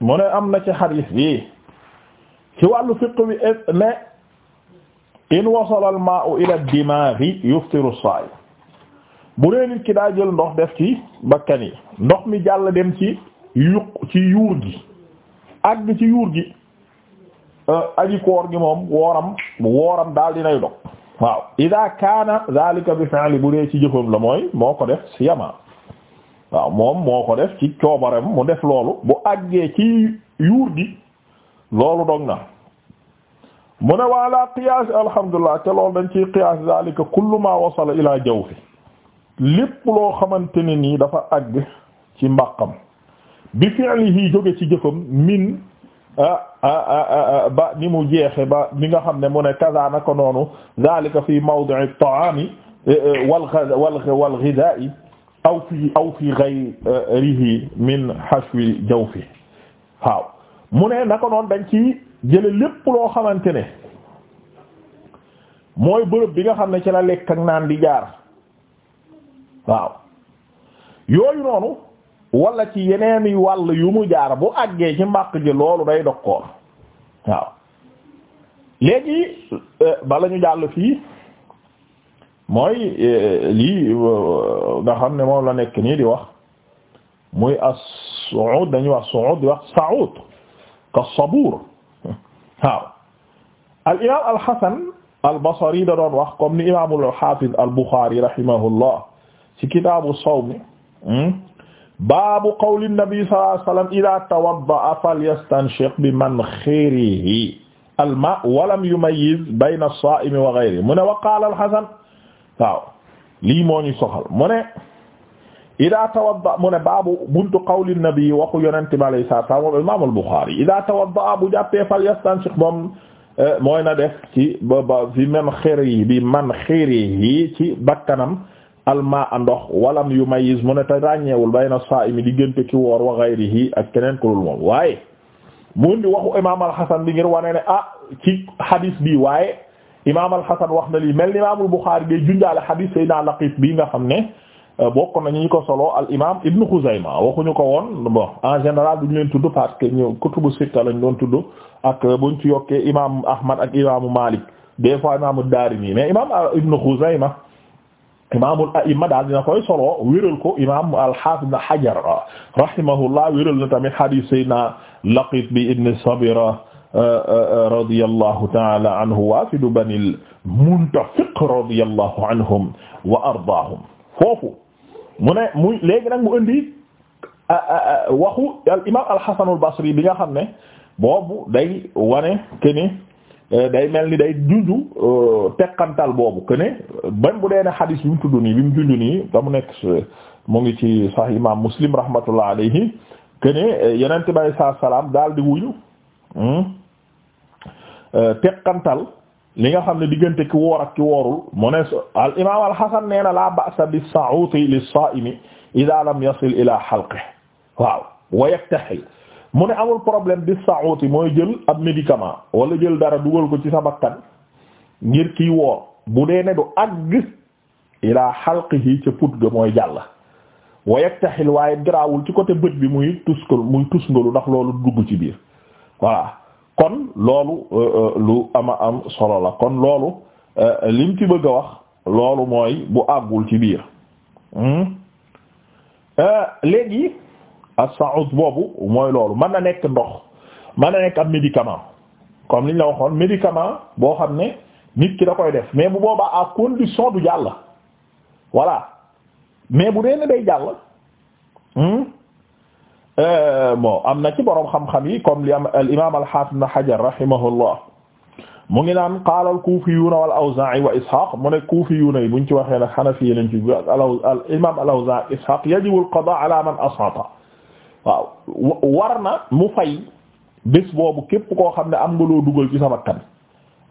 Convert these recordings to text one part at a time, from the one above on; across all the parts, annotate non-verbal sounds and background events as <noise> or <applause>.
mu am na ci xarit bi ci wàllu fiqh bi ne in wasala al ma'u ila dimaghi yuftiru as-sa'im bu dee nit ki daa ndox def ci bakkan yi ndox mi jàll dem ci yuq ci yuur gi àgg ci yuur gi euh, aji koor gi moom wooram wooram daal dinay dog waaw ida kaana daal bi fi'li bu dee ci jëfam la mooy moo ko def siyama waaw moom moo ko def ci coobareem mu def loolu bu àggee ci yuur gi loolu dog na mu ne waalaa qiyaas alhamdulilah te loolu dañ ciy qiyaas zalika kullu ma wasala ila jawfi lépp loo xamante ne nii dafa àgg ci mbàqam bi fi'lihi jóge ci jëfam min ah, ah, ah, ba ni mu jeexe ba ni nga xam ne mu ne kaza naka noonu zalika fi mawdi'i at-ta'ami eh, eh, wal ghidha'i aw fi aw fi ghayrihi min jaw fi waaw mu ne naka noonu dañ ci jële lépp loo xamante ne mooy bërëb bi nga xam ne ci la lekk ak naan di jaar waaw yooyu noonu wala ci yeneen wàll yu mu jaar bu àggee ci mbàq gi loolu day dokkoor waaw léegi euh, bala ñu jàll fii mooy e, lii e, nga xam ne moom la nekk nii di wax muy as-su'ud dañuy wax su'ud di wax sa'ud ka sabur <laughs> waaw al imam al hasan al basri da doon wax comme ni imam al hafiz al bukhari rahimahullah ci kitabu sawm hmm? baabu qawli nabi sallallahu alayhi wasallam idha tawadda'a falyastanshiq bi mankhirihi al ma' wa lam yumayyiz bayna as-sa'imi wa ghayrihi mu ne wa qala al hasan waaw lii moo ñu soxal mu ne ida tawadda mu ne baabu buntu qawli nabi waxu yonente bi alayhi salaatu wa salaam imaamul Buxaari ida tawadda bu jàppee fal yastanshiq moom eh, mooy na def ci ba ba fi man xirihi bi man xirihi ci bakkanam alma a ndox walam yumayyiz mu ne te ràññeewul bayna saa'imi diggante ki woor wa ghayrihi ak keneen ku dul moom waaye mu di waxu imaam al-Hasan bi ngir wane ne ah ci hadis bi waaye imaam al-Hasan wax na lii mel ni imaamul Buxaari day junjaale xadiis Seydina Laqiit bii nga xam ne euh, bokk nañu ñu ko solo al imaam Ibn Xuzayma ñu ko woon bon en général duñu leen tudd parce que ñu kutubu sitta lañ doon tudd ak euh, buñ ci yokkee imaam Ahmad ak imaamu Maalik a fois imaamu Daarimi mais imaam euh, Ibn Xuzayma ak a'imma daal dina koy solo wéral ko imaam al-Haafiz Ibn Hajar rahimahullah wéral na tamit xadiis Seydina Laqiit bi Ibn Sabira Euh, euh, euh, radiyallahu ta'ala anhu waafidu banil muntafiq radiyallahu anhum wa ardaahum foofu mu ne muy léegi nag mu indi waxu al imaam al-Hasan al-Basri bi nga xam ne boobu day wane que ni day mel ni day junju teqantal boobu que ne ban bu dee ne xadis bi mu tudd nii bi mu junju nii ba mu nekk mu ngi ci Sahih imaam Muslim rahmatullah alayhi que ne yeneen tubaab yi saa salaam daal di wuyu. Hmm? Euh, teqantal li nga xam ne diggante ki woor ak ki woorul mu ne al imaam al hasan nee na la ba'sa bis sa'uti lis sa'imi idha yasil ila halqihi waaw wa mu ne amul problème bi sa'uti mooy jël ab médicament wala jël dara dugal ko ci sa bakkan ngir kiy woor bu dee ne du àgg ila halqihi ca put ga mooy jàll wa yaktahil waaye garaawul ci côté bët bi muy tuskal muy tusngalu ndax loolu dugg ci biir voilà kon loolu euh, euh, lu ama am solo la kon loolu euh, lim ci bëgg a wax loolu mooy bu àggul ci biir hmm? léegi as-sa'ud boobu mooy loolu mën na nekk ndox mën na nekk am médicament comme liñ la waxoon médicament boo xam ne nit ki da koy def mais bu boobaa à condition du jàll voilà mais bu dee ne jàll hmm? Euh, bon am na ci boroom xam-xam yi comme li am al imaam al haafiz ibn Hajar rahimahullah mu ngi naan qaala al kuufiyuuna wal awzaa'i wa Ishaaq mu ne kuufiyuuna yi buñ ci waxee nag xanafi yi lañ ci al imaam al awzaa'i Ishaaq yajibu al qadaa ala man asaata waaw war na mu fay bés boobu képp koo xam ne am nga loo dugal ci sama kan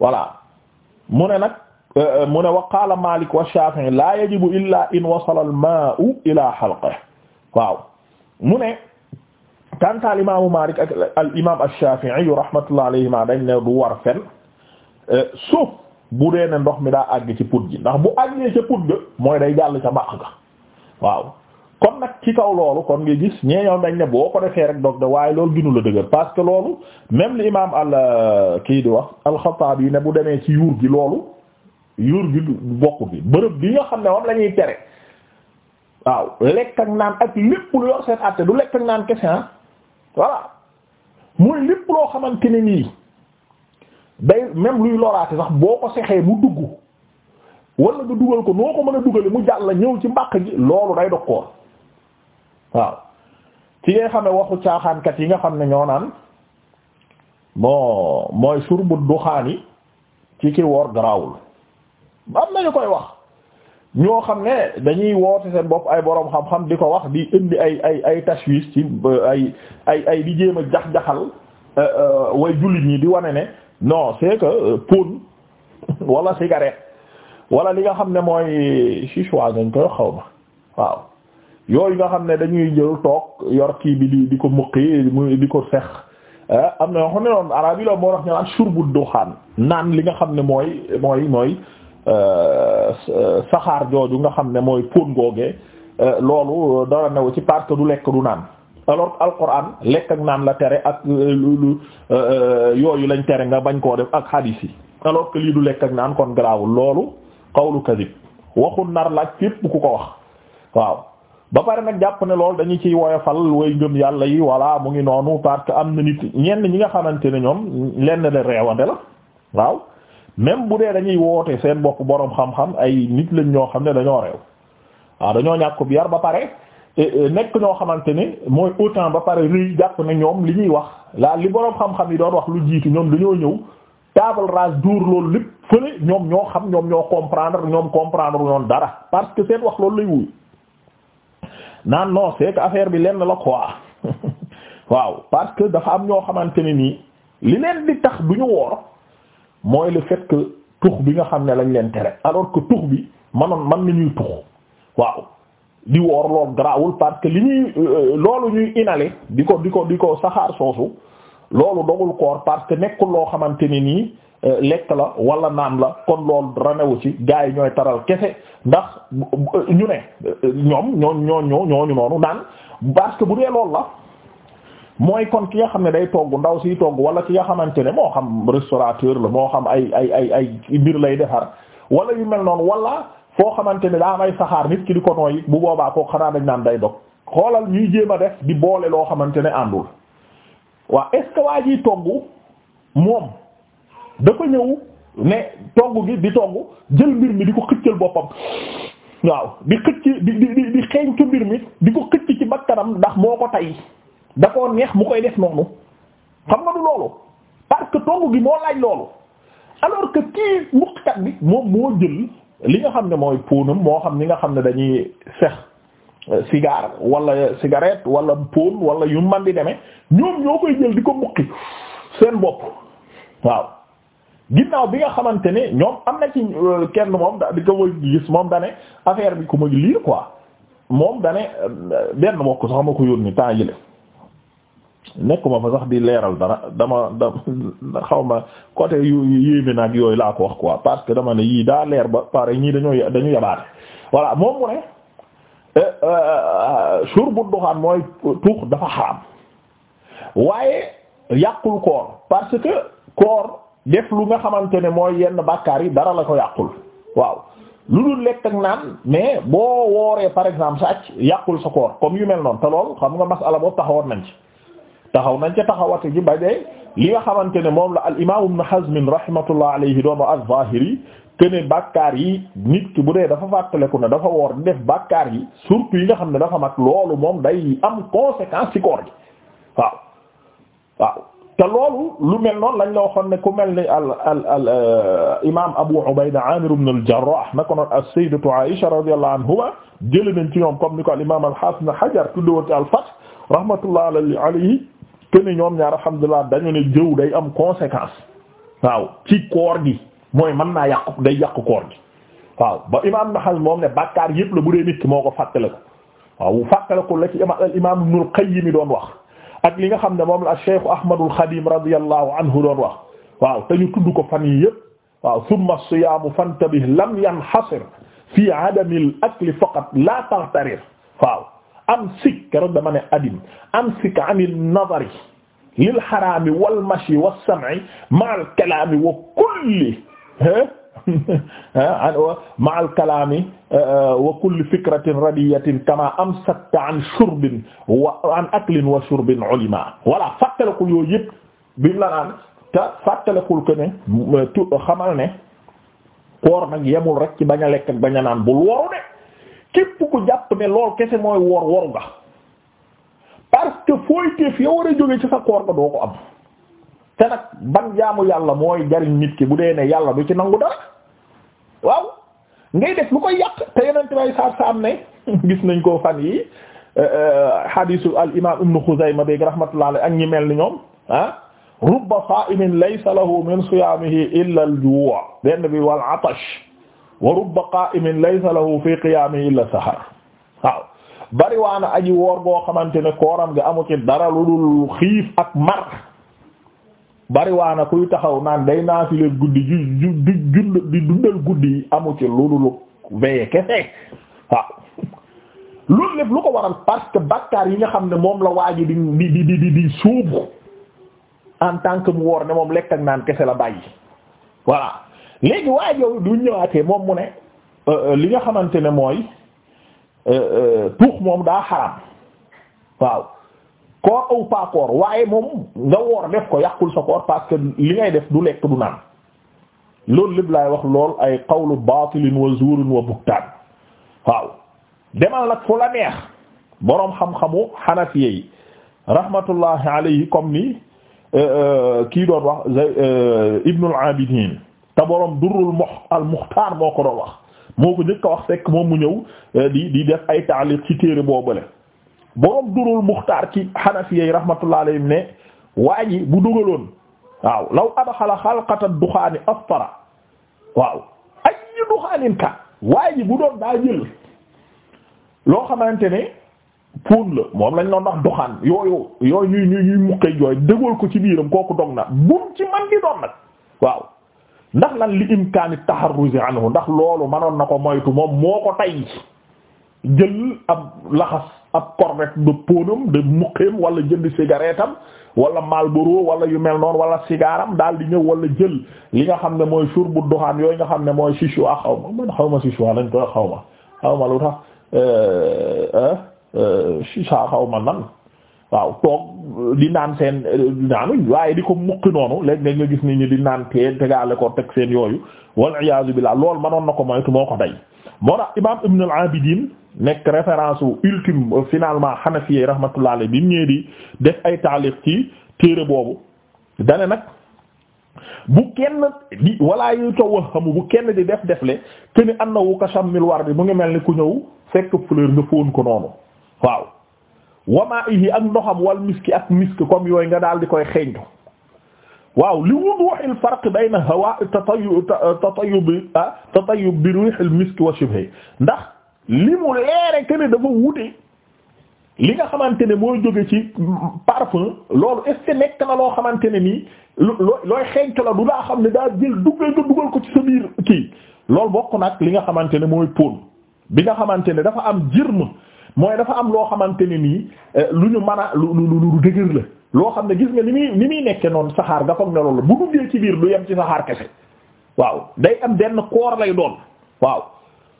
voilà mu ne nag euh, mu ne wa qaala Maalik wa Shaafi'i laa yajibu illaa in wasala al maa'u ilaa halqihi waaw mu ne. kanta al imaamu Maalik ak al imaam Ash-Shaafi'i rahmatullahi dañ ne du war fen suuf bu dee ne ndox mi daa àgg ci put ji ndax bu àggee ca put ga mooy day jàll ca mbaq ga waaw kon nag ci kaw loolu kon nga gis ñee ñoom dañ ne boo ko defee rek dog de waaye loolu ginu la dëgër parce que loolu même li imaam al kii di wax al-Xattaabi yi ne bu demee ci yuur gi loolu yuur gi bokk bi bërëb bi nga xam ne moom la ñuy tere waaw lekk ak naan ak lépp lu yor lekk ak naan ah. voilà mooy lépp loo xamante ne nii day même luy loraate sax boo ko sexee mu dugg wala nga dugal ko noo ko mën a dugale mu jàll ñëw ci mbàq gi loolu day dog koor waaw ci ngay xam ne waxu caaxaankat yi nga xam ne ñoo naan bon mooy surbu yi ci ki woor garaawul am nañu koy wax ñoo xam ne dañuy woote seen bopp ay boroom xam-xam di ko wax di indi ay ay ay tashwish ci ay ay ay di a jax-jaxal euh, euh, way jullit ñi di wane ne no c'est que euh, pon <laughs> wala cigarette wala li nga xam ne mooy chichwa dañ koy xaw ma waaw yooyu nga xam ne dañuy jël toog yor kii bi di di ko muqi di ko sex ah, am na yoo xam ne noonu arab yi la moo tax ñu naan shurbu duxaan naan li nga xam ne mooy mooy mooy Euh, saxaar jooju nga xam ne mooy pon googee euh, loolu dara newu ci parce que du lekk du naan alors alquran lekk ak naan la tere ak euh, lu yooyu lañ tere nga bañ koo def ak hadith yi alors que lii du lekk ak naan kon garaawul loolu qawlu kadib waxul nar la ak képp ku ko wax waaw ba pare nag jàpp ne loolu dañu ciy woyofal way ngëm yàlla yi voilà mu ngi noonu parce am na nit ñenn ñi nga xamante ne ñoom lenn de reewande la waaw même bu dee dañuy wootee seen bopp boroom xam-xam ay nit lañ ñoo xam ne dañoo réew waaw dañoo ñàkk bi yar ba pare nekk ñoo xamante ne mooy autant ba pare rëy jàpp ne ñoom li ñuy wax la li boroom xam-xam yi doon wax lu jiitu ñoom dañoo ñëw table rase duur loolu lépp fële ñoom ñoo xam ñoom ñoo comprendre ñoom comprendre ñoon dara parce que seen wax loolu lay wuy naan non c'est affaire bi lenn la quoi <laughs> waaw parce que dafa am ñoo xamante ne nii li leen di tax duñu woor mooy le fait que tux bi nga xam ne lañ leen tere alors que tux bi manoon man nañuy tux waaw di woor lool garaawul parce que li ñuy euh, loolu ñuy inale di ko di ko di ko saxaar soosu loolu dogul koor parce que nekkul loo xamante ne nii euh, lekk la wala naan la kon loolu ranewu ci gars yi ñooy taral kese ndax ñu ne euh, ñoom ñoo ñoo ñooñu noonu naan parce que bu dee loolu la mooy kon ki nga xam ne day togg ndaw siy togg wala ki nga xamante ne moo xam restaurateur la moo xam ay ay ay mbir lay defar wala yu mel noonu wala foo xamante ne daa ay saxaar nit ki di ko nooy bu boobaa koo xanaa dañ naan day dog xoolal ñuy jéem a def di boole loo xamante ne àndul waa est ce que waa jiy togg moom dafa ñëw ne togg gi di togg jël mbir mi di ko xëccal boppam waaw di xëcc di di di xeeñ ci mbir mi di ko xëcc ci bakkanam ndax moo ko tay da koo neex mu koy def noonu xam nga du loolu parce que togg gi moo laaj loolu alors que kii muqkat bi moom moo jël li nga xam ne mooy póonam moo xam ni nga xam ne dañuy fex euh, cigare wala cigarette wala pône wala yu man di deme ñoom ñoo koy jël di ko muqi seen bopp waaw ginnaaw bi nga xamante ne ñoom am na ci euh, kenn moom da di ko wëy gis moom dane affaire bi ku ma lii quoi moom dane euh, benn mbokk sax ma ko yónni temps yile nekkuma fa sax di leeral dara dama dama xawma ma côté yu yéeme nag yooyu laa ko wax quoi parce que dama ne yii daa leer ba pare ñii dañoo dañu yabaate voilà moom mu ne eh, euh, euh, suur bu mooy tuux dafa xaram waaye yàqul koor parce que koor def lu nga xamante ne mooy yenn bàkkaar yi dara la ko yàqul waaw lu dul lekk ak naan mais boo wooree par exemple sàcc yàqul sa koor comme yu mel noonu te lool xam nga masala boobu taxawoon nañ ci taxaw nañ ca taxawate ji ba li nga xamante ne moom la al imaam ibn Hazm rahmatullah alayhi doon az-Zahiri kene bàkkaar yi nit ki bu dee dafa fàttaleku ne dafa woor di def bàkkaar yi surtout yi nga xam ne dafa mag loolu moom day am conséquence ci koor gi waaw te loolu lu mel noon lañ la waxoon ne ku mel ni al al al euh, imaam Abu Ubayda Amir ibn al-Jarrah naka noonu as-sayyidatu Aisha radiyallahu anhuma jëlee nañ ci ñoom comme ni ko al imaam al-Hafiz Ibn Hajar tudde woon ci al-Fath rahmatullahi alayhi ne ñoom ñaar alhamdulilah dañu ne jëw day am conséquence waaw ci koor gi mooy mën naa yàqu day yàqu koor gi waaw ba imaam Naxal moom ne bàkkaar yëpp la bu dee nit ki moo ko fàttale ko waaw fàttale ko la ci imaam Ibnul Qayyim doon wax ak li nga xam ne moom la Cheikh Ahmadul Xadim radiyallahu anhu doon wax waaw te ñu tudd ko fan yii yëpp waaw summa siyaamu fantabih lam yanhasir fi adamil akli faqat la tagtarir waaw amsik keroog dama ne adim amsik anil nazari lil xaraami wal mashi was sam'i ma'al kalaami wa kulli <laughs> ma'al kalaami euh, wa kulli fikratin radiyatin kama amsakta an shurbin wa an aklin wa shurbin ulima voilà fàttalikul yooyu yëpp bi mu la naan te fàttalikul ko ne euh, xamal ne koor nag yemul rek ci bañ a lekk ak bañ a naan bul woru de képp ku jàpp ne lool kese mooy wor woru nga parce que fooyteef ya war a jóge ci sa koor ga doo ko am te nag ban yàlla mooy jariñ nit ki bu dee ne yàlla du ci nangu dara waaw ngay def lu koy yàq te yeneen bay saar sa am ne <laughs> gis nañ ko fan yi euh, euh, hadisu al imam ibn Xuzayma beeg rahmatullah alayhi ak ñi mel ni ñoom ah rubba sa'imin laysa min siyaamihi illa al juu' benn bi wal atash wa rubba qa'imin laysa lahu fi qiyaamihi illa sahar waaw bariwaana aji woor boo xamante ne kooram gi amu ci dara lu dul xiif ak mar bariwaana kuy taxaw naan day naafile guddi ju ju di dundal guddi yi amu ci lu dul veye kese waaw loolu lépp lu ko waral parce que bakkaar yi nga xam ne moom la waaji di di di di di suubu en tant que mu woor ne moom lekk ak naan kese la bàyyi voilà léegi waaye du ñëwaatee moom mu ne euh, euh, li nga xamante ne mooy euh, tuux moom daa xaram waaw koor aw pas koor waaye moom nga woor def ko yàqul sa koor parce que li ngay def du lekk du naan loolu lépp laay wax lool ay qawlu baatilin wa zuurin wa buktaan waaw demal nag fu la neex boroom xam-xamu xanafiye yi rahmatullahi alayhi comme ni kii doon wax Ibnul Abidin te boroom durrul mox al muxtaar moo ko doon wax moo ko njëkk a wax fekk moom mu ñëw eh, di di def ay taaliq ci téere boobale borom durrul muxtaar ci xanafi yi rahmatullah alayhim ne waa ji bu dugaloon waaw law adxala xalqata duxaani aftara waaw ay duxaanin ka ji bu doon daa jël loo xamante ne puun la moom lañ doon wax duxaan yooyu yooyu ñuy ñuy jooy dëggal ko ci biiram kooku dog na bum ci man di doon nag waaw ndax lan li imkaani taxarruzi anhu ndax loolu manoon na ko moytu moom moo ko tay jël ab laxas ab corvette de ponam de muqeem wala jënd cigarette am wala Marlboro wala yu mel noonu wala cigaram daal di ñëw wala jël li nga xam ne mooy sur bu doxaan yooyu nga xam ne mooy chichu a ah xaw ma man xaw ma chichu ah lañ koy xaw ma xaw ma lu tax chicha euh, euh, euh, xaw ma nan waaw toog di naan seen naanuñ waaye di ko mukki noonu léeg-léeg nga gis ni ñi di naan tee tegaale ko teg seen yooyu wal iyaazu billah loolu manoon na ko moytu moo ko day moo tax imam Ibn al-Abidin nekk référence u ultime finalement Hanafiyya rahmatullah alayhi bi ñëwee di def ay taaliq ci téere boobu dane nag bu kenn di wala yu tawahhamu bu kenn di def defle keni annahu kashammil bi mu ngi mel ni ku ñëw fekk fleur nga fóon ko noonu waaw wamaa'ihi ak ndoxam wal miski ak misk comme yooyu nga daal di koy xeeñtu waaw li wuduuhil farq bayna hawaa'i tatayyub euh, tatayyub tatayyub bi ah, riihil misk wa shibhi ndax li mu leere kenn dafa wute li nga xamante ne mooy jóge ci parfum loolu est nekk na loo xamante ne nii looy xeeñtu la du daa xam ne daa jël duggal nga dugal ko ci sa biir kii loolu bokk nag li nga xamante ne mooy pon bi nga xamante ne dafa am jirm mooy dafa am loo xamante ne nii eh, lu ñu mën a lu lu lu dëgër la loo xam ne gis nga ni muy ni muy nekke noonu saxaar nga foog ne loolu bu duggee ci biir lu yem ci saxaar kese waaw day am benn koor lay doon waaw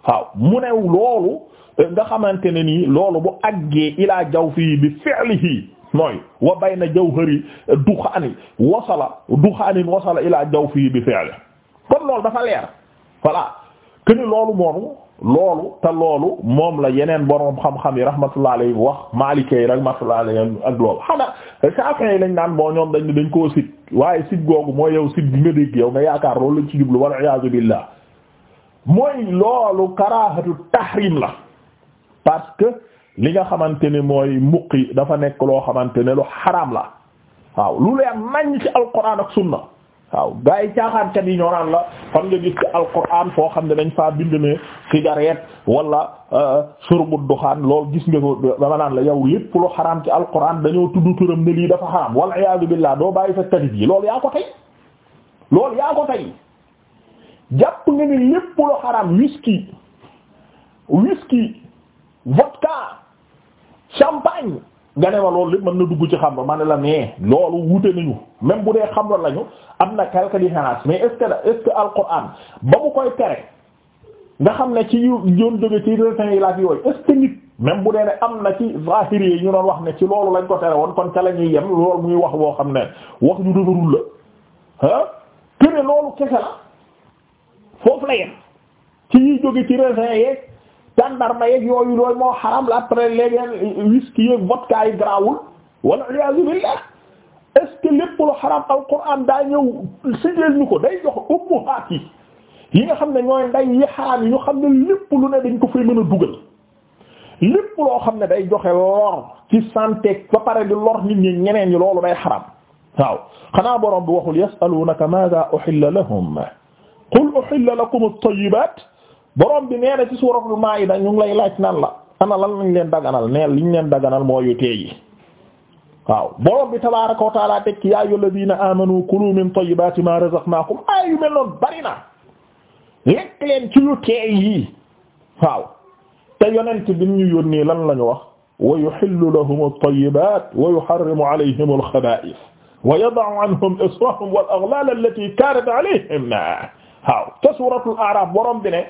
waaw mu new loolu eh, nga xamante ne nii loolu bu àggee ilaa jaw fii bi fi'lihi mooy wa bayna jawhari duxaani wasala duxaanin wasala ilaa jaw fii bi fi'lihi kon loolu dafa leer voilà que loolu moom loolu te loolu moom la yeneen borom xam-xam yi rahmatullah alayhi wax Maalikee yi rahmatullah alayhi ak loolu xanaa Shafi'i yi lañ naan moo ñoom dañ dañ koo sit waaye sit googu mooy yow sit bi nga dégg yow nga yaakaar loolu lañ ci jublu wal iyaazu billah mooy loolu karaahatu tahrim la parce que li nga xamante ne mooy muqi dafa nekk loo xamante ne lu xaraam la waaw lu leen nañ ci alquran ak sunna waaw gaa yi caaxaankat naan la fan nga gis ci alquran foo xam ne dañ faa bind ne cigarette wala euh, surbu duxaan lool gis nga ko dama naan la yow lépp lu xaraam ci alquran dañoo tudd turam ne lii dafa xaraam wal iyaadu billaah doo bàyyi sa kadib yi loolu yaa ko tey loolu yaa ko tey jàpp nga ni lépp lu xaraam whisky whisky vodka champagne nga ne ma loolu lépp mën na dugg ci xam xamra ma ne la nee loolu wute nañu même bu dee xamra lañu am na quelque mais est-ce que est-ce que alquran ba mu koy tere nga xam ne ci yoon jóge ci est-ce même bu dee ne am na ci zahiri yi ñu doon wax ne ci loolu lañ ko tere woon kon ca la ñuy yem loolu muy wax boo xam ne wax ñu dëgërul la ah te ne loolu kese la foofu la yem ci ñuy jóge ci retin yeeg tàndarma yeeg yooyu looyu moo xaram la après léegeen whisky yeeg vodka yi grawul wala iyaazu billah est-ce que lu xaram alquran daa ko day jox ummuhaat yi yi xam ne ñooy nday yi xaram yi ñu xam ne lépp lu ne dañ ko fay mën a dugal lépp loo xam ne day joxe lor ci santé ba pare di lor nit ñi ñeneen ñi loolu day xaram waaw xanaa borom bi waxul yasalunaka maada uhilla lahum qul uhilla borom bi nee na ci suuratul maa'ida ñu ngi lay laaj nan la ana lan lañ leen daganal neel liñ leen daganal mooy yu teey yi waaw borom bi tabaaraka wa ta'aala teg ci yaa ayyuhallaziina aamanu kulu min tayyibaati maa razaqnaakum ay yu mel noonu bari na lekk leen ci yu teey yi waaw te yonent bi ñu yónnee lan la ñu wax wa yuhillu lahumu at-tayyibaat wa yuharrimu alayhimu al-khabaa'ith wa yada'u anhum israhum wal aghlaal allatii kaanat alayhim waaw te suuratul a'raaf borom bi ne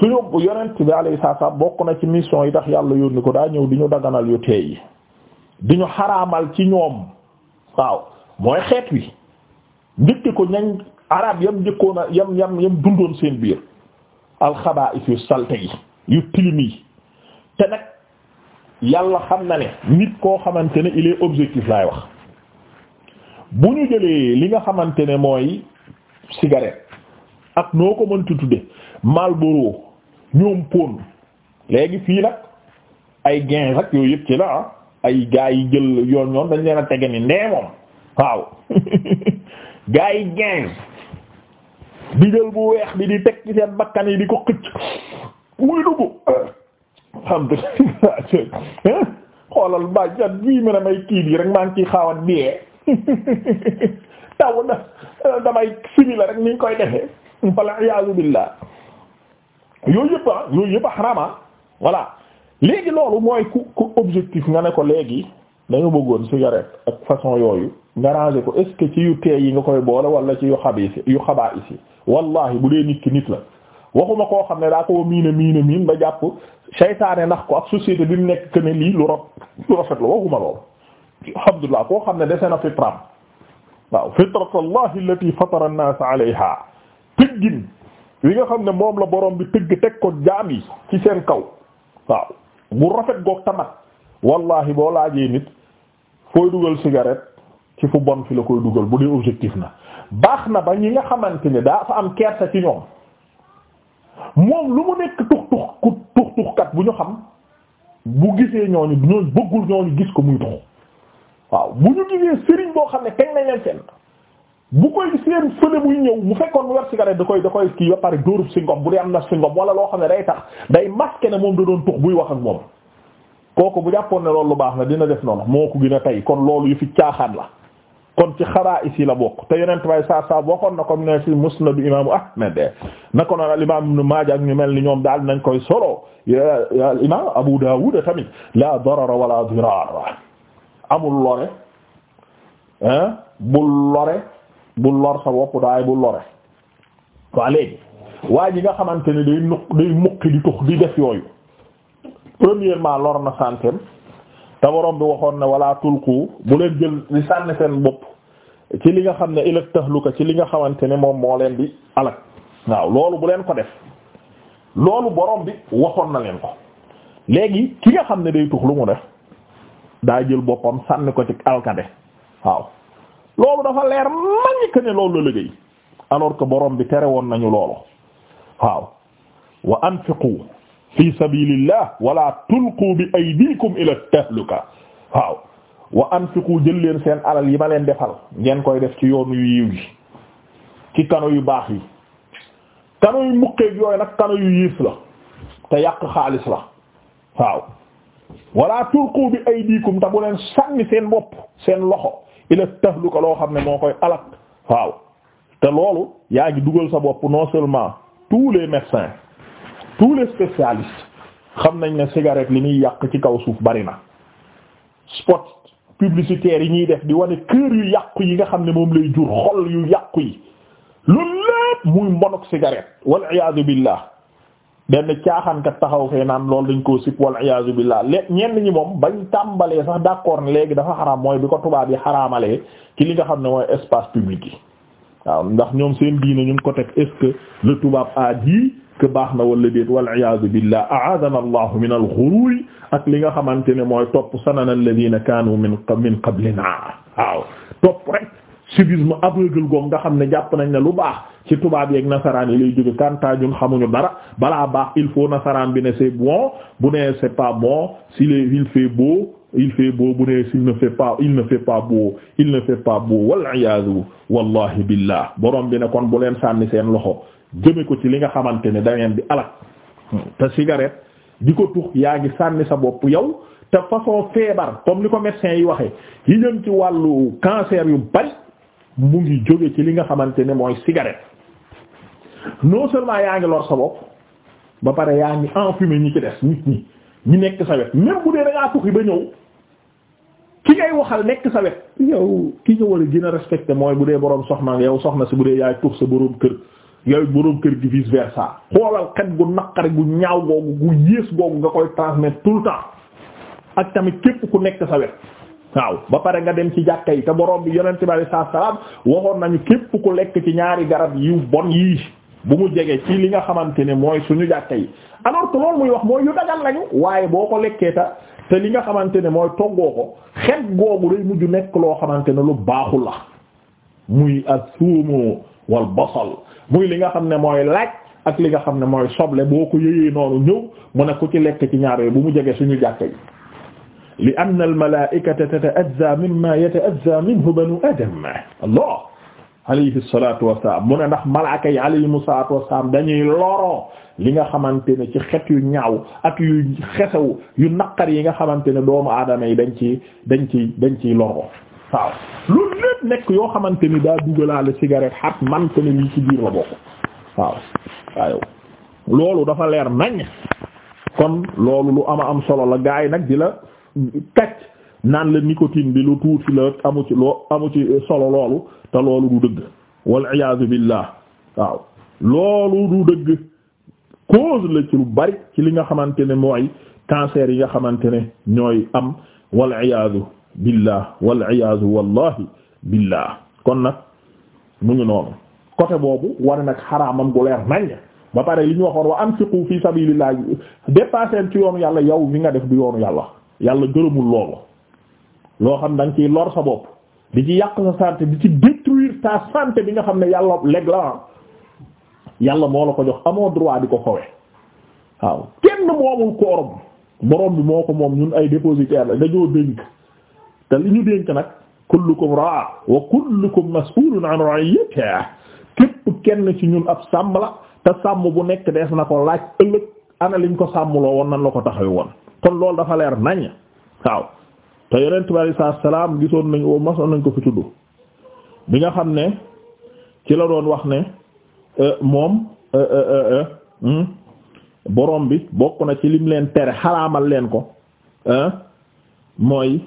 suñu yonent bi alayhi salaam bokk na ci mission yi tax yàlla yónni ko daa ñëw di ñu daganal yu teey yi di ñu xaraamal ci ñoom waaw mooy xeet wi njëkk ko ñañ arab yam njëkkoon a yam yam yam dundoon seen biir alxabaa'is yu salte yi yu tilim yi te nag yàlla xam na ne nit koo xamante ne il est objectif laay wax bu ñu jëlee li nga xamante ne mooy cigarette ak noo ko mënti tudde Marlboro ñoom pon léegi fii nag ay gain ak yooyu yëpp ci la ah. ay gaa yi jël yoon ñoom dañ leen a tege ni ndee moom waaw <laughs> gaa yi gain di jël bu weex bi di teg ci seen bakkan yi di ko xëcc muy dugg alhamdulillah <laughs> xoolal bàjjat bii ma ne may kii bi rek maa ngi ciy xaw a diyee <laughs> taw na damay simila rek ni ñu koy defee wala iyaazu billah yooyu yëpp ah yooyu yëpp a xaraama ah. léegi loolu mooy ku ku objectif nga ne ko léegi dañu bëggoon cigarette ak façon yooyu nga ko est-ce que ci yu tee yi nga koy boole wala ci yu xabi yu xabaa isi wallahi bu dee nit ki nit la waxuma koo xam ne daa ko miine miine miin ba jàpp seytaane ndax ko ak société bi mu nekk ne lii lu rot lu rafet la waxuma loolu alhamdulillah koo xam ne dese na fitram waaw fitratallahi allati fatara an-nas alayha tëggin li nga xam ne moom la boroom bi tëgg teg ko jaam yi ci seen kaw waaw bu rafet goog tamat wallahi boo laajee nit fooy dugal cigarette ci fu bon fi la koy dugal bu dee objectif na baax na ba ñi nga xamante ne daa fa am kersa ci ñoom moom lu mu nekk tux tux ku tux tuxkat bu ñu xam bu gisee ñooñu ñooñu bëggul ñooñu gis ko muy tux waaw bu ñu gisee sëriñ boo xam ne teg nañ leen seen bu koy seen fële muy ñëw bu fekkoon mu yor cigarette da koy da koy kii ba pare dóorub si ngom bu dee am na si ngom wala loo xam ne day tax day masqué ne moom da doon tux buy wax ak moom kooku bu jàppoon ne loolu lu baax na dina def noonu moo ko gën a tey kon loolu yu fi caaxaan la kon ci xaraa isi la bokk te yeneen way saa saa bokkoon na comme ne ci musnadu imaamu ahmed na ko noon al imaam ibnu maaja ak ñu mel ni ñoom daal nañ koy solo al imaam abu daawud tamit la darara wala dirar amul lore hein bu lor sa bopp daay bu lore waa léegi waa ji nga xamante ne day nuq day muqi di tux di def yooyu premièrement lor na santeem te borom bi waxoon na wala tulku bu leen jël di sànni seen bopp ci li nga xam ne ila ko ci li nga xamante ne moom moo leen di alak waaw loolu bu leen ko def loolu borom bi waxoon na leen ko léegi ki nga xam ne day tux lu mu def daa jël boppam sànni ko ci alkade waaw loolu dafa leer nañu que ne loolu la liggéey alors que borom bi tere woon nañu loolu waaw wa anfiqu fi sabilillah wala tulqu bi aydikum ila tahluka waaw wa anfiqu jël leen seen alal yi ma leen defal ngeen koy def ci yoon yu yiw yi ci kano yu baax yi kano yu muqeeg yooyu nag kano yu yiis la te yàq xaalis la waaw wala tulqu bi aydikum te leen sànni seen bopp seen loxo ila tahluka loo xam ne moo koy alak waaw te loolu yaa ngi dugal sa bopp non seulement tous les médecins tous les spécialistes xam nañ ne cigarette li muy yàq ci kaw suuf bari na spot publicitaire yi ñuy def di wane kër yu yàqu yi nga xam ne moom lay jur xol yu yàqu yi loolu lépp muy mbonok cigarette wal iyaadu billah benn caaxaankat taxaw fee naan loolu dañ koo sip wal iyaazu billah lé ñenn ñi moom bañ tàmbalee sax d'accord ne léegi dafa xaraam mooy bi ko tubaab yi xaraamalee ci li nga xam ne mooy espace public yi waaw ndax ñoom seen diine ñu ngi ko teg est-ce que le tubaab a dit que baax na wala déet wal iyaazu billah a'adana allahu min al ghurur ak li nga xamante ne mooy topp sanana alladhina kaanu min min qablina waaw topp rek civisme aveugle goom nga xam ne jàpp nañ na lu baax ci tubaab yeeg nasaraan yi lay jóge kanta ñun xamuñu dara balaa baax il faut nasaraan bi ne c'est bon bu ne c'est pas bon s'il est il fait beau il fait beau bu ne s'il ne fait pas il ne fait pas beau il ne fait pas beau wal iyaazu wallahi billah borom bi ne kon bu leen sànni seen loxo jëme ko ci li nga xamante ne da bi di alak te cigarette di ko tux yaa ngi sànni sa bopp yow te façon feebar comme li ko médecin yi waxee ci wàllu cancer yu bari mu ngi jóge ci li nga xamante ne mooy cigarette non seulement yaa ngi lor sa bopp ba pare yaa ngi enfumé ñi ci des nit ñi ñi nekk sa wet même bu dee da ngaa tuxi ba ñëw ki ngay waxal nekk sa wet yow ki nga war a gën a respecté mooy bu dee boroom soxna yow soxna si bu dee yaay tux sa boroom kër yow boroom kër gi vice versa xoolal kat gu naqari gu ñaaw googu gu yées googu nga koy transmettre tout le temps ak tamit képp ku nekk sa wet waaw ba pare nga dem ci jàkka yi te borom bi yonent bi alayhi salaam waxoon nañu képp ku lekk ci ñaari garab yu bon yii bu mu jegee ci li nga xamante ne mooy suñu jàkka yi alors que loolu muy wax mooy yu dagal lañu waaye boo ko lekkee ta te li nga xamante ne mooy toggoo ko xet googu day mujj nekk loo xamante ne lu baaxul la muy ak suumu wal basal muy li nga xam ne mooy laaj ak li nga xam ne mooy soble boo ko yëyee noonu ñëw mu ne ku ci lekk ci ñaar bu mu jege suñu jàkka yi li anna al-malaa'ikata tata'azzaa mimmaa yata'azzaa minhu banuu aadam Allah alayhi salaatu wa salaam mu ne ndax malaaka yi alayhimu salaatu wa salaam dañuy loroo li nga xamante ne ci xet yu ñaaw ak yu xesaw yu naqar yi nga xamante ne doomu aadama yi dañ ci dañ ci dañ ciy loroo waaw loolu lépp nekk yoo xamante ni daa dugalaale cigarette xat man te ne lii ci biir la bokk waaw waaw loolu dafa leer nañ kon loolu lu ama am solo la gaa yi nag di la kacc naan la nicotine bi lu tuuti la amu ci loo amu ci solo loolu te loolu du dëgg wal iyaazu billah waaw loolu du dëgg cause la ci lu bari ci li nga xamante ne mooy cancer yi nga xamante ne ñooy am wal iyaazu billah wal iyaazu wallahi billah kon nag mu ngi noonu côté boobu war nag xaraamam gu leer nañ ba pare li ñu waxoon wa anfiqu fi sabilillah dépassé ci yoonu yàlla yow mi nga def du yoonu yàlla yàlla gërëmul loolu loo xam da nga ciy lor sa bopp di ci yàq sa santé di ci détruire sa santé bi nga xam ne yàlla leg la ah. yàlla moo la ko jox amoo droit di ko xawee waaw kenn moomul kooram borom bi moo ko moom ñun ay dépositaire la dañoo dénk te li ñu dénk nag kullukum raa wa kullukum mas'ulun an ra'iyyatihi képp kenn ci ñun ab sàmm la te sàmm bu nekk dees na ko laaj ëllëg ana liñ ko sàmmloo woon nañ la ko taxaw woon kon loolu dafa leer nañ waaw te yonent bi alei salaatu salaam gisoon nañ o masoon nañ ko fi tudd bi nga xam ne ci la doon wax ne euh, moom euh, euh, hmm, borom bi bokk na ci lim leen tere xaraamal leen ko mooy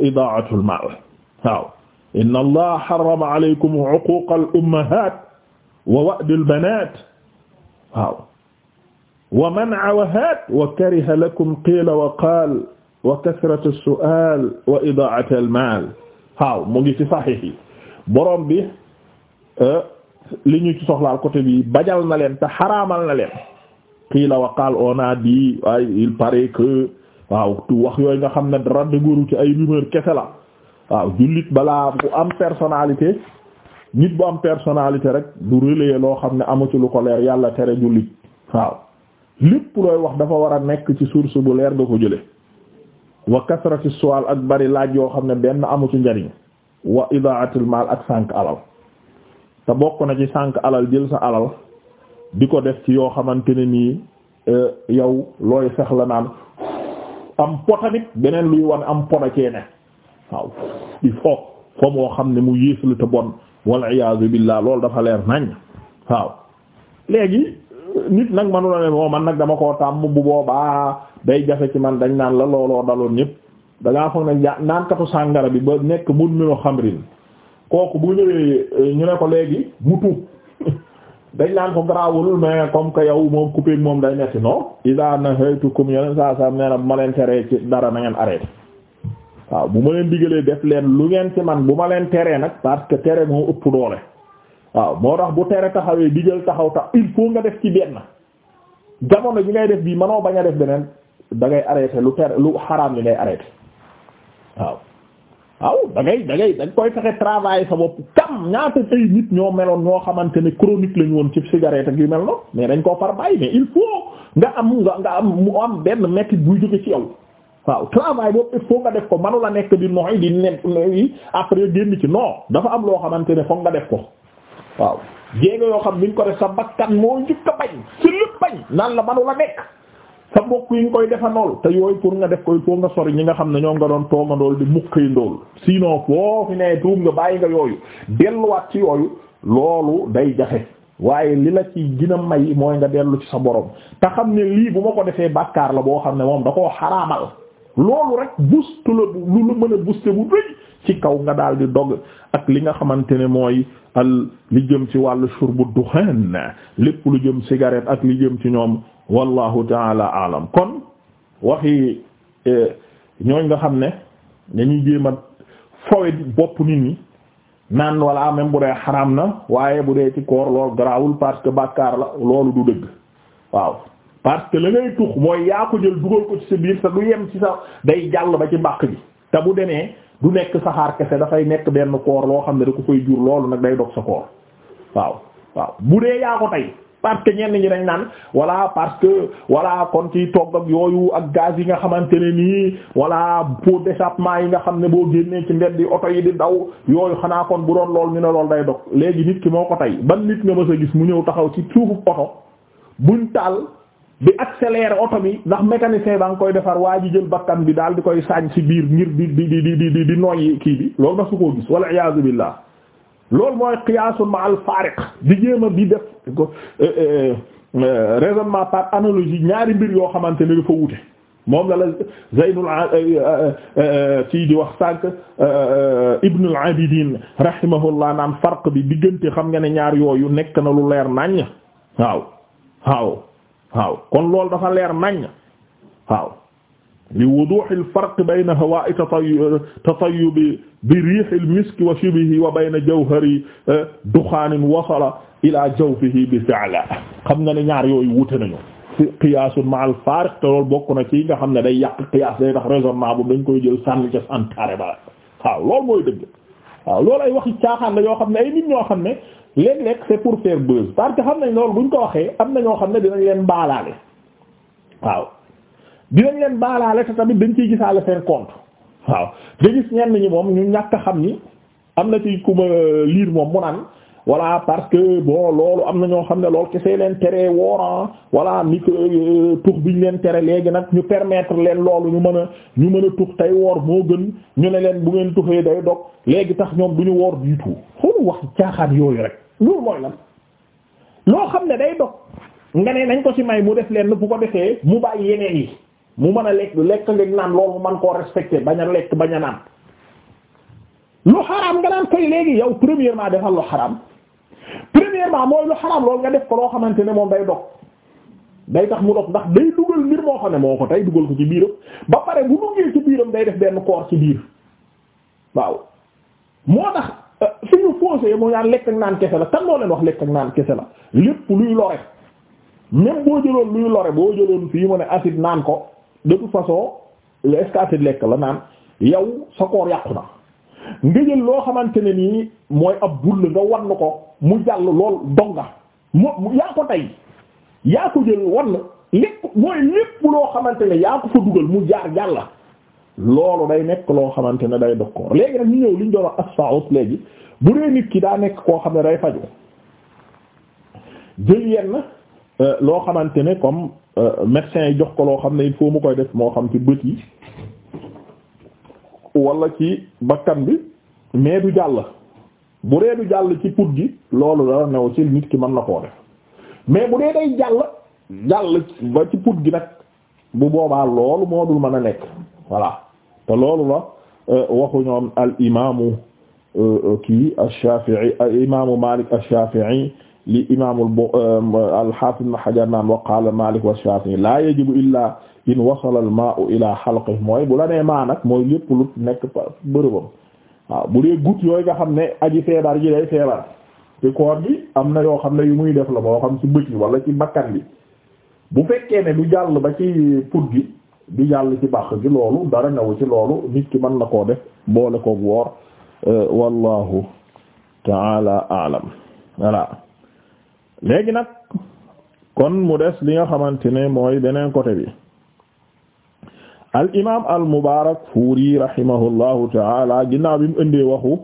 idaatul mal waaw inna allah harrama alaykum uquqal ummahat wa wa'dil banat waaw wa man'a wa haat wa kariha lakum qiila wa qaal wa kasratu as-su'aal wa idaa'atu al-maal waaw mu ngi ci saxiix yi borom bi euh, li ñu ci soxlaal côté bi bajal na leen te xaraamal na leen qiila wa qaal on a dit ay il paraît que waaw tu wax yooyu nga xam ne dara dëgëru ci ay rumeur kese la waaw jullit balaa bu am personnalité nit bu am personnalité rek du relayer loo xam ne amu ci lu ko leer yàlla tere jullit waaw lépp looy wax dafa war a nekk ci source bu leer nga ko jële wa kasrati soil ak bari laaj yoo xam ne benn amu ci njariñ wa idaatil maal ak sànq alal te bokk na ci sànq alal jël sa alal di ko def ci yoo xamante ne nii euh, yow looy fex la naan am potamit beneen luy wan am pota cee waaw di fo fo moo xam ne mu yéesu la te bon wal iyaazu billaah loolu dafa leer nañ waaw léegi nit nag manu la ne moo man nag dama koo tàmm bu boobaa day jafe ci man dañ naan la looloo daloon ñëpp da ngaa foog ne ja naankatu sàngara bi ba nekk mun nu xamrin kooku bu ñëwee eh, ñu ne ko léegi mu tuub <laughs> dañ naan ko garaawul mais comme que yow moom coupé moom day metti non ida na haytukum yeneen saa saa nee na bu ma leen teree ci dara na ngeen arrêté waaw bu ma leen digalee def leen lu ngeen ci man bu ma leen teree nag parce que tere moo ëpp doole waaw moo tax bu tere taxawee digal taxaw tax il faut nga def ci benn jamono ji ngay def bii manoo bañ a def beneen da ngay arrêté lu ter lu xaraam li ngay arrêté waaw waaw dangay ngay da ngay da koy fexe travail sa bopp kam ñaata ay nit ñoo meloon ñoo xamante ne chronique lañu woon ci cigarette ak yu mel noonu mais dañ koo far bàyyi mais il faut nga am nga nga am mu am benn métti buy jóge ci yow waaw travail boobu il faut nga def ko manu la nekk di nooy di ne après génn ci non dafa am loo xamante ne foog nga def ko waaw jéego yoo xam buñ ko def sa bakkan moo njëkk bañ ci lépp bañ naan la manu la nekk sa mbokk yi nga koy defa te yooyu pour nga def koy foo nga sori ñi nga xam ne ñoom nga doon tooga ndool di mukkiy ndool sinon foo fi nee tuub nga bàyyi nga yooyu delluwaat ci yooyu loolu day jafe waaye li la ci gina may mooy nga dellu ci sa borom te xam ne lii bu ma ko defee bàkkaar la boo xam ne moom da koo xaraamal loolu rek boost la lu la mën a booster ci kaw nga daal di dog ak li nga xamante ne mooy al li jëm ci wàllu shurbu duxaan lépp lu jëm cigarette ak li jëm ci ñoom wallahu taala alam kon waxi e, ñooñ nga xam ne dañuy jéem a bopp nit ñi naan wala même bu dee xaraam na waaye bu dee ci koor loolu garawul parce que bàkkaar la loolu du dëgg waaw parce que la ngay tux mooy yaa ko jël dugal ko ci sa biir te du yem ci sa day jàll ba ci mbàq bi te bu demee du nekk saxaar kese dafay nekk benn koor loo xam ne da ko koy jur loolu nag day dog sa koor waaw waaw bu dee yaa ko tey parce que ñenn ñi dañ naan voilà parce que voilà kon ci togg ak yooyu ak gaz yi nga xamante ne nii voilà pot d'échappement yi nga xam ne boo génnee ci mbedd di oto yi di daw yooyu xanaa kon bu doon lool ñu ne lool day dog léegi nit ki moo ko tey ban nit nga mës gis mu ñëw taxaw ci suufu oto buñ taal di accélérer oto bi ndax mécanicien ba nga koy defar waa ji jël bakkan bi daal di koy saañ ci biir ngir di di di di di di kii bi loolu ma su koo gis walla iyaazu billaah loolu mooy qiyaasul ma al faariq di jéem a di def eh, eh, eh, raisonnement par analogie ñaari mbir yoo xamante ne dafa wute moom la la Zaynul ci di wax sànq Ibnul Abidin rahimahullah naan farq bi diggante xam nga ne ñaar yooyu nekk na lu leer naññ waaw waaw. waaw kon loolu dafa leer nañ waaw li wuduhil farq bayna hawaa'i tatayyub bi riihil misk wa shibhihi wa bayna jawhari eh, duxaanin wasala ila jawfihi bi fi'la xam nga ne ñaar yooyu wute nañu qiyaasun ma'al faariq te loolu bokk na ci nga xam ne day yàq qiyaas day tax raisonnement bu dañ koy jël sànni ca sàntaare ba waaw loolu mooy dëgg waaw loolu ay waxi caaxaan la yoo xam ne ay nit ñoo xam ne léeg-léeg c'est pour faire buzz parce que xam nañ loolu buñ ko waxee am na ñoo xam ne dinañ leen baalaale waaw dinañ leen baalaale te tamit dañ ciy gisaale seen compte waaw da gis ñenn ñi moom ñu ñàkk xam ni am na ci ku liir moom mu naan voilà parce que bon loolu am na ñoo xam ne loolu kese leen tere wooran ah. voilà ni que euh, tux bi ñu leen tere léegi nag ñu permettre leen loolu ñu mën a ñu mën a tux tey woor moo gën ñu ne leen bu ngeen tuxee day dog léegi tax ñoom du ñu woor du wax caaxaan yooyu rek loolu mooy lan loo xam ne day dog nga ne nañ ko ci may mu def leen bu ko defee mu bàyyi yeneen yi mu mën a lekk lekk ngeen naan loolu mu mën koo respecté bañ a lekk bañ a naan lu xaraam nga naan koy léegi yow premièrement defal lu xaraam premièrement mooy lu xaraam loolu nga def ko loo xamante ne moom day dog day tax mu dog ndax day dugal ngir moo xam ne moo ko tey dugal ko ci biiram ba pare bu duggee ci biiram day def benn koor ci biir waaw moo tax ñu foncé mu ñaan lekk ak naan kese la tan moo leen wax lekk naan kese la lépp luy lore même boo jëloon luy lore boo jëloon fii mu ne acide naan ko de toute façon est-ce que lekk la naan yow sa koor yàqu na nga jël loo xamante ne nii mooy ab bul nga wann ko mu jàll lool donga moo yaa ko tey yaa ko jël wann lépp mooy lépp loo xamante ne yaa ko fa dugal mu jaar jàll loolu day nekk loo xamante ne day dokkoor léegi nag ñu ñëw liñ doon asfaut léegi bu dee nit ki daa nekk koo xam ne day faju jël yenn euh, loo xamante ne comme euh, médecin yi jox ko loo xam ne il mu koy def moo xam ci bët yi wala ci bakkan bi mais du jàll bu dee du jàll ci put gi loolu dara new ci nit ki mën na koo def mais bu dee day jàll jàll ba ci put gi nag bu boobaa loolu moo dul mën a nekk voilà te loolu la euh, waxu ñoom al imaamu euh, kii ash-Shafi'i al euh, imaamu Malik ash-Shafi'i li imaamul bu al-Hafiz Ibn Hajar naan wa la yajibu illa in wasala al ila halqihi mooy bu la nee maa mooy lépp lu nekk bërëbam bu dee goutte yooyu nga xam ne aji feebar ji day feebar te koor bi am na yoo xam ne yu muy def la boo xam ci bët yi wala ci bakkan bi bu fekkee ne du jàll ba ci put gi di jàll ci bàq ci loolu dara newu ci loolu nit ki mën na koo def boole ko woor euh, wallahu taala alam voilà léegi nag kon mu des li nga xamante ne mooy beneen côté bi al imaam al mubaarak fuuri rahimahullahu taala ginnaaw bi mu indee waxu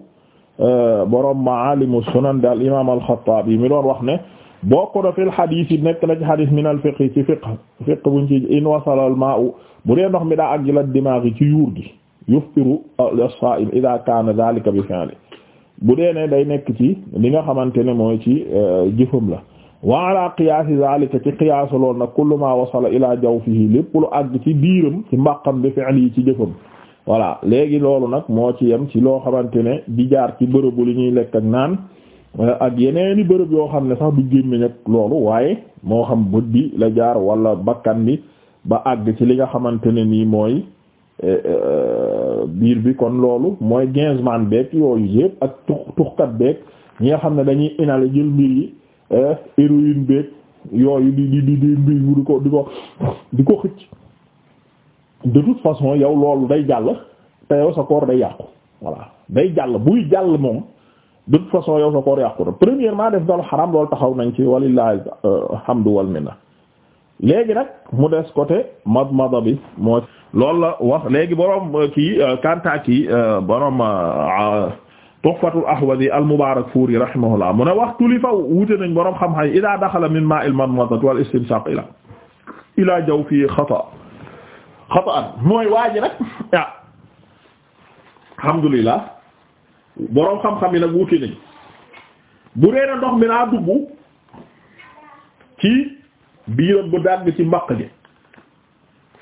euh, borom maalimu sunan de al imaam al xattaabi mi doon wax ne boo ko dofil xadis yi nekk na ci xadis min al fiqh ci fiqh fiqh buñ ci in wasala al bu dee ndox mi daa ak jëla dimaag ci yuur gi yuftiru as i idha kana dhalika bi fi'li bu dee ne day nekk ci li nga xamante ne mooy ci euh, jëfam la wa ala qiyaasi dhalika ci qiyaas lool nag kullu ma wasala ila jawfihi lépp lu àgg ci biiram ci mbaqam bi fi'li yi ci jëfam voilà léegi loolu nag moo ci yem ci loo xamante ne di jaar ci bërëbu li ñuy lekk ak naan ak yeneeni bërëb yoo xam ne sax du gémmiñ ak loolu waaye moo xam bët bi la jaar walla bakkan bi ba àgg ci li nga xamante ne nii mooy eh, eh, biir bi kon loolu mooy gingemane beeg yooyu yëpp ak tux tuxkat beeg ñi nga xam ne dañuy inale jël mbir yi eh, héroïne beeg yooyu di di di di mbir di ko di ko di ko xëcc de toute façon yow loolu day jàll te yow sa koor day yàqu voilà day jàll buy jàll moom de toute façon yow sa koor yàqu def dal xaram loolu taxaw nañ ci walillahi alhamdu euh, wal minna léegi nag mu des côté madmada bi moo loolu la wax léegi borom euh, kii euh, kanta kii borom tuhfatul ahwazi al mubarakfuri rahimahullah mu ne waxtu li fa wute nañ borom xam-xam yi ida daxala min ma il madmadati wal istinshaq ila ila jawfi xata xata an mooy waaji nag ah, boroom xam-xam yi nag wuute nañ bu reena ndox mi naa dugg ci biiram bu dagg ci mbaq gi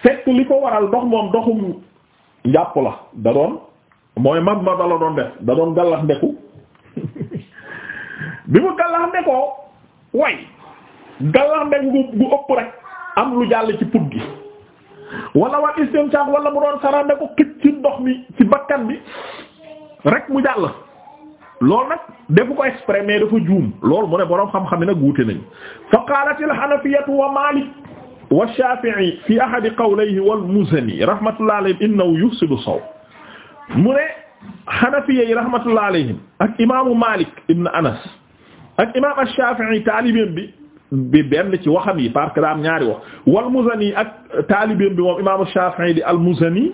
fekk li ko waral ndox moom ndoxum njàpp la da doon mooy mag ma dala doon def da doon gàllax ndeku <laughs> bi mu gàllax ndekoo way gàllax ndeku gu ëpp rek am lu jàll ci put gi wala war istimsaax wala mu doon sara ndeku xit ci ndox mi ci bakkan bi rek mu jàll loolu nag defu ko exprès mais dafa juum loolu mu ne boroom xam-xam ne nag wuute nañu fa qaalat al hanafiyatu wa malik wa shafi'i fi ahadi qawlayhi wal muzani rahmatullahi alayhim innahu yufsidu saw mu ne hanafiya yi rahmatullahi alayhim ak imaamu malik ibn anas ak imaam ash-shafi'i taalibeen bi bi benn ci waxam yi parce que daa am ñaari wax wal muzani ak taalibeen bi moom imaamu ash-shafi'i di al muzani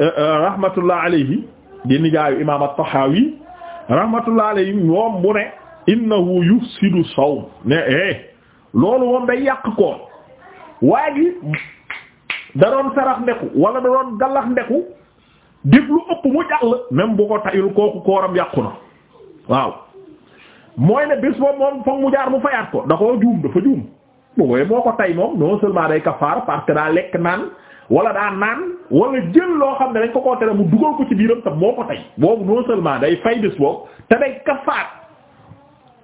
rahmatullahi alayhi di nijaayu imaam at-Tahawi rahmatullahi alayhi moom mu ne innahu yufsidu sawm ne eh loolu moom day yàq koor waa ji da doon sarax ndeku wala da doon gallax ndeku déglu ëpp mu jàll même bu ko tayul kooku kooram yàqu na waaw mooy ne bis boobu moom foog mu jaar mu fayaat ko da koo juum dafa juum bu boobaa moo ko tay moom non seulement day kafaar parce daa lekk naan wala daa naan wala jël loo xam ne dañ ko koo tere mu dugal ko ci biiram te moo ko tey boobu non seulement day fay bés boobu te day kafaat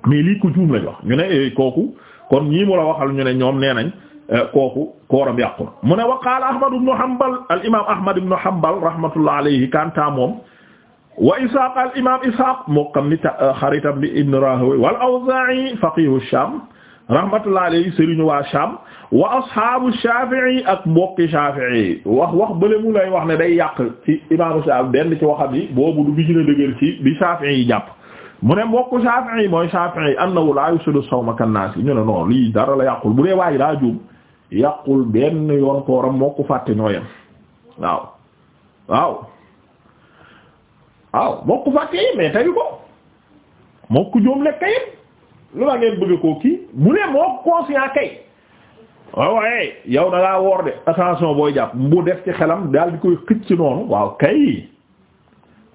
mais lii ko juum lañ wax ñu ne eh, kooku kon ñii mu la waxal ñu ne ñoom nee nañ eh, kooku kooram yàqul mu ne wa qaala Ahmad ibn Hanbal al imaam Ahmad ibn Hanbal rahmatullah alayhi kanta moom wa Isaaq al imaam Isaaq moo xam ni xaritam bi ibn Rahawayh wal Awzaa'i faqihu Shaam rahmatullah alayhi sëriñu waa Sham wa ashaabu Shafi'i ak mbokki Shafi'i wax wax bële mu lay wax ne day yàq ci imaamu Shafi'i benn ci waxam yi boobu du bi gën a dëgër ci bi Shafi'i yi jàpp mu ne mbokku Shafi'i mooy Shafi'i annahu laa yusidu sawma kannaasi ñu ne non lii dara la yàqul bu dee waaye daa juum yàqul benn yoon kooram moo ko fàtte ñoo yem waaw waaw waaw moo ko fàtte mais ko moo ko lekk yem lu ma ngeen bëgg koo kii mu ne moo conscient kay waaw waaye yow da ngaa woor de attention booy jàpp bu def ci xelam daal di koy xëcc noonu waaw kay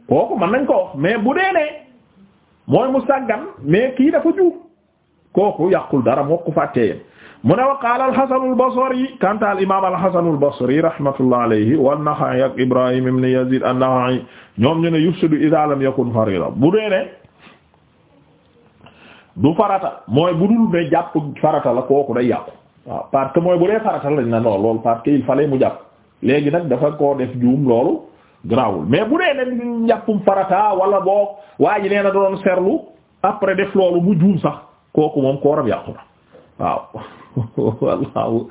kooku mën nañ ko wax mais bu dee ne mooy mu sàggan mais kii dafa juub kooku yàqul dara moo ko fàttee mu ne wa qaala al-Hasan al-Basri kanta al-imam al-Hasan al-Basri rahmatullah alayhi wan-Nakha'i ak Ibrahim ibn Yazid an-Nakha'i ñoom ñu ne yufsidu idha lam yakun farida bu dee ne du farata mooy bu dul ne jàpp farata la kooku day yàqu waaw parce que mooy bu dee farata lañ na noonu loolu parce que il fallait mu jàpp léegi nag dafa koo def juum loolu grawul mais bu dee ne njàppum farata wala boo waa ji nee na doon serlu après def loolu mu juum sax kooku moom kooram yàqu na waaw <laughs> wallahu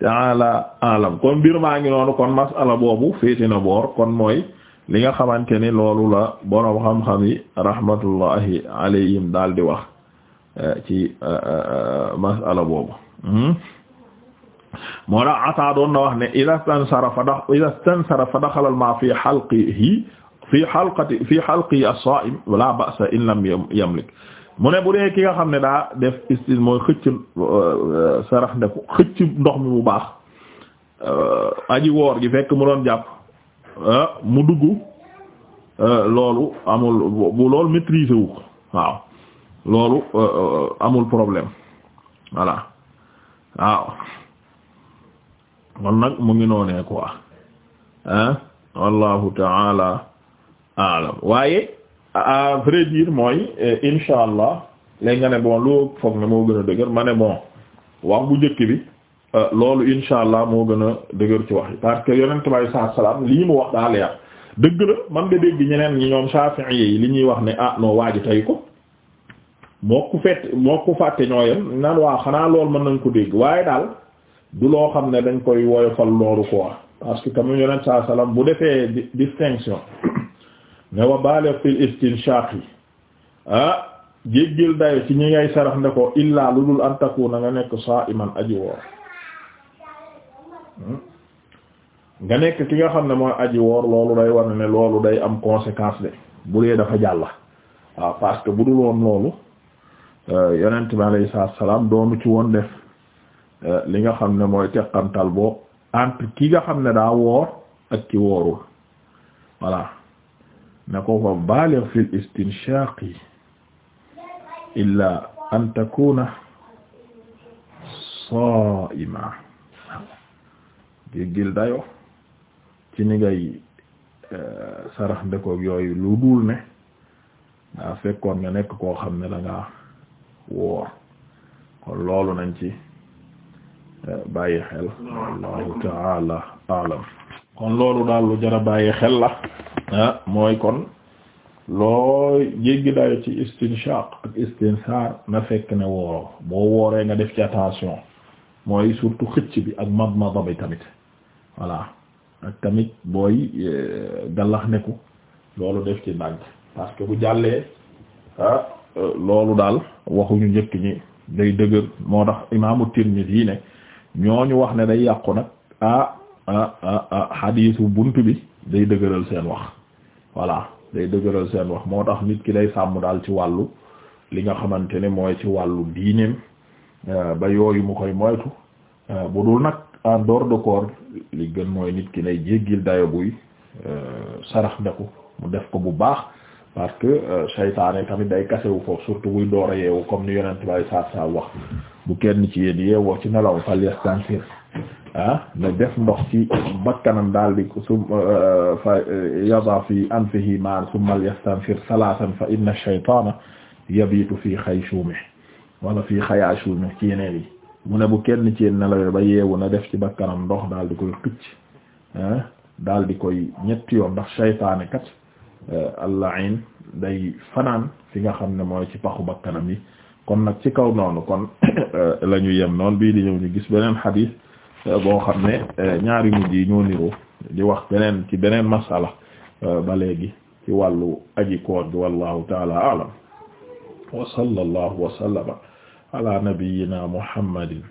taala kon mbir maa ngi noonu kon masala boobu féete na boor kon mooy li nga xamante ne loolu la boroom xam-xam yi rahmatullahi alayhim daal di wax ci euh, euh, masala boobu hmm? moo tax ataa doon na wax ne ida stansarafa da ida stansarafa daxalal ma fi xalqihi fi xalqati fi xalqihi la ba'sa in lam yamlik mu ne bu dee ki nga xam ne daa def istis mooy xëcc euh, sarax ndox mi bu baax aji woor gi fekk mu doon jàpp mu dugg loolu amul bu lool maîtriser wu ko loolu euh, euh, amul problème voilà waaw kon nag mu ngi noonee quoi ah wallahu taala alam waaye à vrai dire mooy euh, insha allah léegi nga ne bon loo foog ne moo gën a dëgër ma ne bon wax bu njëkk bi loolu insha moo gën a dëgër ci wax yi parce que yonent bi saa salaam lii mu wax daa leer dëgg la man nga dégg ñeneen ñi ñoom Shafi'i yi li ñuy wax ne a ah, non waa ji tey ko moo ku fett moo ku fàtte ñoo yem naan waa xanaa lool mën nañ ko dégg waaye daal du loo xam ne dañ koy woyofal loolu ko wax parce que tamit yonent saa salaam bu defee distinction ne wa baale fil istinshaq yi ah jéggil dayo ci ñi ngay sarax ne ko illaa lu dul an na nga nekk sa sa'iman aji woor hmm? nga nekk ki nga xam ne mooy aji woor loolu day war ne loolu day am conséquence de bu dee dafa jàlla ah, waaw parce que bu dul woon loolu Euh, yonent bi alayhi salaam doonu ci woon def euh, li nga xam ne mooy teqantal boo entre ki nga xam ne daa woor ak ki woorul voilà ne ko fa baligh fil istinshaqi illa an takuna saima jéggil dayo ci ni ngay euh, sarax ndekoog yooyu lu dul ne daa fekkoon nga nekk koo xam ne da woor kon loolu nañ ci eh, bàyyi xel wallahu taala alam kon loolu daal lu jara bàyyi xel la eh, mooy kon looy jéggi dayo ci istinshaq ak istinsaar na fekk ne wooroo boo wooree nga def ci attention mooy surtout xëcc bi ak madmada bi tamit voilà ak tamit booy eh, gallax neku loolu def ci ndànk parce que bu jàllee ah, loolu daal waxuñu njëkk ñi day dëgër moo tax imaamu Tirmidhi ne ñu wax ne day yàqu nag ah ah xadiisu bunt bi day dëgëral seen wax voilà day dëgëral seen wax moo tax nit ki day sàmm daal ci wàllu li nga xamante ne mooy ci wàllu diineem euh, ba yooyu mu koy moytu euh, bu dul nag en dehors de corps li gën mooy nit ki nay jéggil dayo buy euh, sarax ndeku mu def ko bu baax parce que euh, saytaane tamit day kasewu foofu surtout buy door a yeewu comme ni yonent bay saa saa wax bu kenn ci yéen yeewoo ci nelaw fal yastansir ah, na def ndox ci bakkanam daal di su euh, euh, fa yada fi anfihi ma summa yastansir salasan fa inna shaytana yabitu fi xayshumi wala fi xayaashumi ci yeneen yi mu ne bu kenn ci yéen nelawee ba yeewu na def ci bakkanam ndox daal di koy xëcc ah di koy ñetti yoon ndax saytaane kat Euh, al-la'in day fanaan fi nga xam ne mooy ci paxu bakkanam yi kon nag ci kaw noonu kon <coughs> la ñu yem noonu bii di ñëw ñu gis beneen xadis euh, boo xam ne euh, ñaari mujj yi ñoo niroo di wax beneen ci beneen masala ba léegi ci wàllu aji koor gi wallahu taala aalam wa sallallahu wa sallama ala nabiyyina muhammadin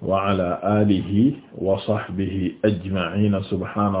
wa ala alihi wa sahbihi ajma'ina subhana